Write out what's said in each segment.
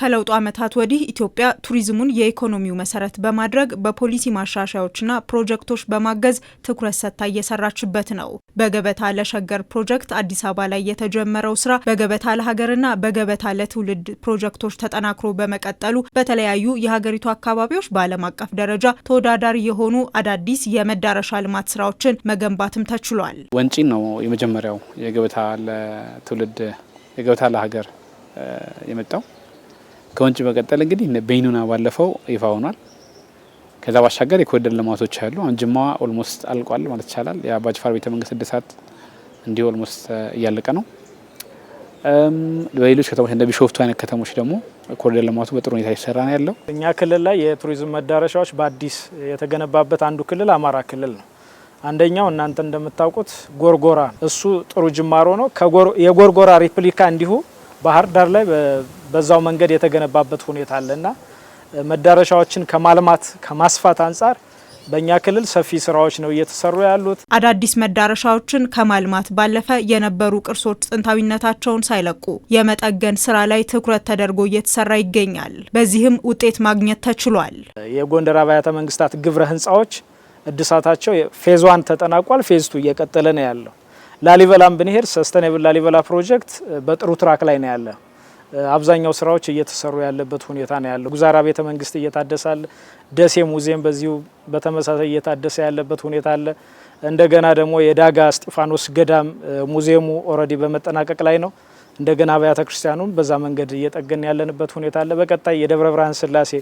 ከለውጡ ዓመታት ወዲህ ኢትዮጵያ ቱሪዝሙን የኢኮኖሚው መሰረት በማድረግ በፖሊሲ ማሻሻያዎችና ፕሮጀክቶች በማገዝ ትኩረት ሰጥታ እየሰራችበት ነው። በገበታ ለሸገር ፕሮጀክት አዲስ አበባ ላይ የተጀመረው ስራ በገበታ ለሀገርና በገበታ ለትውልድ ፕሮጀክቶች ተጠናክሮ በመቀጠሉ በተለያዩ የሀገሪቱ አካባቢዎች በዓለም አቀፍ ደረጃ ተወዳዳሪ የሆኑ አዳዲስ የመዳረሻ ልማት ስራዎችን መገንባትም ተችሏል። ወንጪ ነው የመጀመሪያው የገበታ ለትውልድ የገበታ ለሀገር የመጣው ከወንጭ በቀጠል እንግዲህ በይኑና ባለፈው ይፋ ሆኗል። ከዛ ባሻገር የኮሪደር ልማቶች አሉ። አንጅማ ኦልሞስት አልቋል ማለት ይቻላል። የአባጅፋር ቤተ መንግስት እድሳት እንዲሁ ኦልሞስት እያለቀ ነው። በሌሎች ከተሞች እንደ ቢሾፍቱ አይነት ከተሞች ደግሞ ኮሪደር ልማቱ በጥሩ ሁኔታ ይሰራ ነው ያለው። እኛ ክልል ላይ የቱሪዝም መዳረሻዎች በአዲስ የተገነባበት አንዱ ክልል አማራ ክልል ነው። አንደኛው እናንተ እንደምታውቁት ጎርጎራ፣ እሱ ጥሩ ጅማሮ ነው። የጎርጎራ ሪፕሊካ እንዲሁ ባህር ዳር ላይ በዛው መንገድ የተገነባበት ሁኔታ አለና መዳረሻዎችን ከማልማት ከማስፋት አንጻር በእኛ ክልል ሰፊ ስራዎች ነው እየተሰሩ ያሉት። አዳዲስ መዳረሻዎችን ከማልማት ባለፈ የነበሩ ቅርሶች ጥንታዊነታቸውን ሳይለቁ የመጠገን ስራ ላይ ትኩረት ተደርጎ እየተሰራ ይገኛል። በዚህም ውጤት ማግኘት ተችሏል። የጎንደር አብያተ መንግስታት ግብረ ህንፃዎች እድሳታቸው ፌዝ ዋን ተጠናቋል። ፌዝ ቱ እየቀጠለ ነው ያለው። ላሊበላም ብንሄድ ሰስተኔብል ላሊበላ ፕሮጀክት በጥሩ ትራክ ላይ ነው ያለ። አብዛኛው ስራዎች እየተሰሩ ያለበት ሁኔታ ነው ያለው። ጉዛራ ቤተ መንግስት እየታደሰ አለ። ደሴ ሙዚየም በዚሁ በተመሳሳይ እየታደሰ ያለበት ሁኔታ አለ። እንደገና ደግሞ የዳጋ እስጢፋኖስ ገዳም ሙዚየሙ ኦልሬዲ በመጠናቀቅ ላይ ነው። እንደገና አብያተ ክርስቲያኑም በዛ መንገድ እየጠገን ያለንበት ሁኔታ አለ። በቀጣይ የደብረ ብርሃን ስላሴ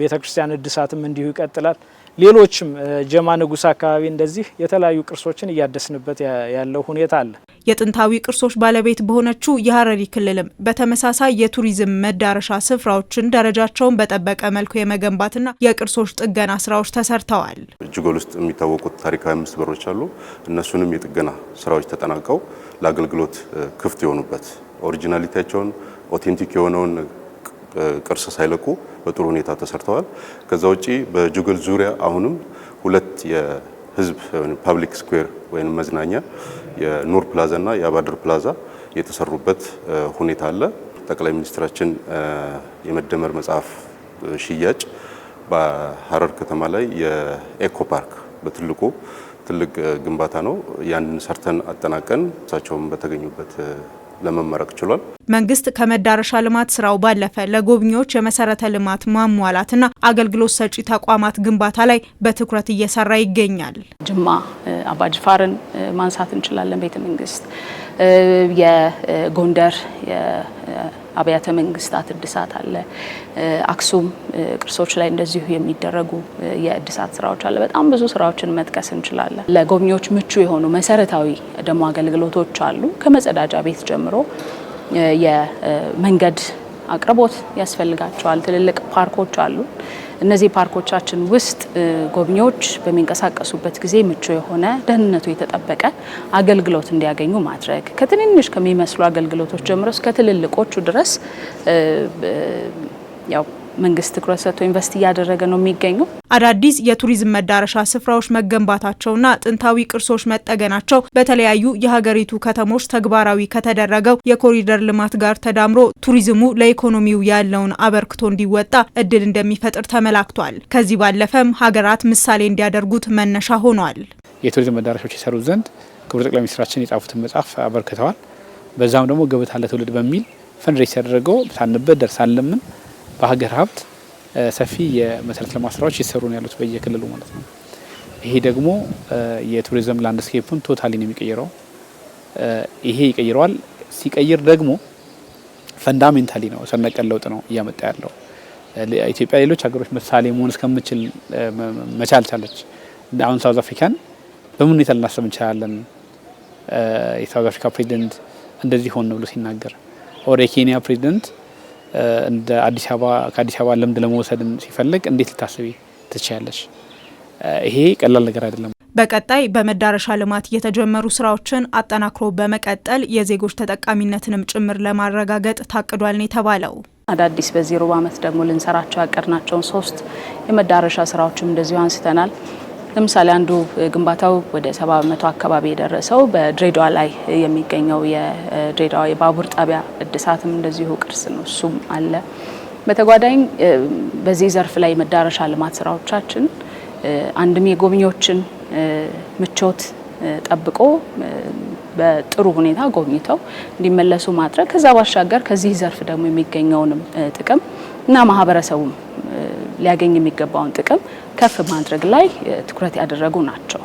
ቤተ ክርስቲያን እድሳትም እንዲሁ ይቀጥላል። ሌሎችም ጀማ ንጉስ አካባቢ እንደዚህ የተለያዩ ቅርሶችን እያደስንበት ያለው ሁኔታ አለ። የጥንታዊ ቅርሶች ባለቤት በሆነችው የሀረሪ ክልልም በተመሳሳይ የቱሪዝም መዳረሻ ስፍራዎችን ደረጃቸውን በጠበቀ መልኩ የመገንባትና የቅርሶች ጥገና ስራዎች ተሰርተዋል። እጅጎል ውስጥ የሚታወቁት ታሪካዊ አምስት በሮች አሉ። እነሱንም የጥገና ስራዎች ተጠናቀው ለአገልግሎት ክፍት የሆኑበት ኦሪጂናሊቲያቸውን ኦቴንቲክ የሆነውን ቅርስ ሳይለቁ በጥሩ ሁኔታ ተሰርተዋል። ከዛ ውጪ በጁግል ዙሪያ አሁንም ሁለት የህዝብ ፓብሊክ ስኩዌር ወይም መዝናኛ የኑር ፕላዛ እና የአባድር ፕላዛ የተሰሩበት ሁኔታ አለ። ጠቅላይ ሚኒስትራችን የመደመር መጽሐፍ ሽያጭ በሀረር ከተማ ላይ የኤኮ ፓርክ በትልቁ ትልቅ ግንባታ ነው። ያንን ሰርተን አጠናቀን እሳቸውም በተገኙበት ለመመረቅ ችሏል። መንግስት ከመዳረሻ ልማት ስራው ባለፈ ለጎብኚዎች የመሰረተ ልማት ማሟላትና አገልግሎት ሰጪ ተቋማት ግንባታ ላይ በትኩረት እየሰራ ይገኛል። ጅማ አባጅፋርን ማንሳት እንችላለን። ቤተ መንግስት የጎንደር አብያተ መንግስታት እድሳት አለ። አክሱም ቅርሶች ላይ እንደዚሁ የሚደረጉ የእድሳት ስራዎች አለ። በጣም ብዙ ስራዎችን መጥቀስ እንችላለን። ለጎብኚዎች ምቹ የሆኑ መሰረታዊ ደግሞ አገልግሎቶች አሉ። ከመጸዳጃ ቤት ጀምሮ የመንገድ አቅርቦት ያስፈልጋቸዋል። ትልልቅ ፓርኮች አሉ። እነዚህ ፓርኮቻችን ውስጥ ጎብኚዎች በሚንቀሳቀሱበት ጊዜ ምቹ የሆነ ደህንነቱ የተጠበቀ አገልግሎት እንዲያገኙ ማድረግ ከትንንሽ ከሚመስሉ አገልግሎቶች ጀምሮ እስከ ትልልቆቹ ድረስ ያው መንግስት ትኩረት ሰጥቶ ኢንቨስት እያደረገ ነው የሚገኙ? አዳዲስ የቱሪዝም መዳረሻ ስፍራዎች መገንባታቸውና ጥንታዊ ቅርሶች መጠገናቸው በተለያዩ የሀገሪቱ ከተሞች ተግባራዊ ከተደረገው የኮሪደር ልማት ጋር ተዳምሮ ቱሪዝሙ ለኢኮኖሚው ያለውን አበርክቶ እንዲወጣ እድል እንደሚፈጥር ተመላክቷል። ከዚህ ባለፈም ሀገራት ምሳሌ እንዲያደርጉት መነሻ ሆኗል። የቱሪዝም መዳረሻዎች የሰሩ ዘንድ ክቡር ጠቅላይ ሚኒስትራችን የጻፉትን መጽሐፍ አበርክተዋል። በዛም ደግሞ ገበታ ለትውልድ በሚል ፈንድሬስ ያደረገው ሳንበት ደርሳለምን በሀገር ሀብት ሰፊ የመሰረተ ልማት ስራዎች ይሰሩ ነው ያሉት በየክልሉ ማለት ነው። ይሄ ደግሞ የቱሪዝም ላንድስኬፕን ቶታሊ ነው የሚቀይረው። ይሄ ይቀይረዋል። ሲቀይር ደግሞ ፈንዳሜንታሊ ነው ሰነቀል ለውጥ ነው እያመጣ ያለው። ኢትዮጵያ ሌሎች ሀገሮች ምሳሌ መሆን እስከምችል መቻል ቻለች። አሁን ሳውዝ አፍሪካን በምን ሁኔታ ልናስብ እንችላለን? የሳውዝ አፍሪካ ፕሬዚደንት እንደዚህ ሆን ብሎ ሲናገር ኦር የኬንያ ፕሬዚደንት እንደ አዲስ አበባ ከአዲስ አበባ ልምድ ለመውሰድ ሲፈልግ እንዴት ልታስቢ ትችያለሽ? ይሄ ቀላል ነገር አይደለም። በቀጣይ በመዳረሻ ልማት የተጀመሩ ስራዎችን አጠናክሮ በመቀጠል የዜጎች ተጠቃሚነትንም ጭምር ለማረጋገጥ ታቅዷል ነው የተባለው። አዳዲስ በዚህ ሩብ ዓመት ደግሞ ልንሰራቸው ያቀድናቸውን ሶስት የመዳረሻ ስራዎችም እንደዚሁ አንስተናል። ለምሳሌ አንዱ ግንባታው ወደ ሰባ በመቶ አካባቢ የደረሰው በድሬዳዋ ላይ የሚገኘው የድሬዳዋ የባቡር ጣቢያ እድሳትም እንደዚሁ ቅርስ ነው። እሱም አለ። በተጓዳኝ በዚህ ዘርፍ ላይ መዳረሻ ልማት ስራዎቻችን አንድም የጎብኚዎችን ምቾት ጠብቆ በጥሩ ሁኔታ ጎብኝተው እንዲመለሱ ማድረግ ከዛ ባሻገር ከዚህ ዘርፍ ደግሞ የሚገኘውንም ጥቅም እና ማህበረሰቡም ሊያገኝ የሚገባውን ጥቅም ከፍ ማድረግ ላይ ትኩረት ያደረጉ ናቸው።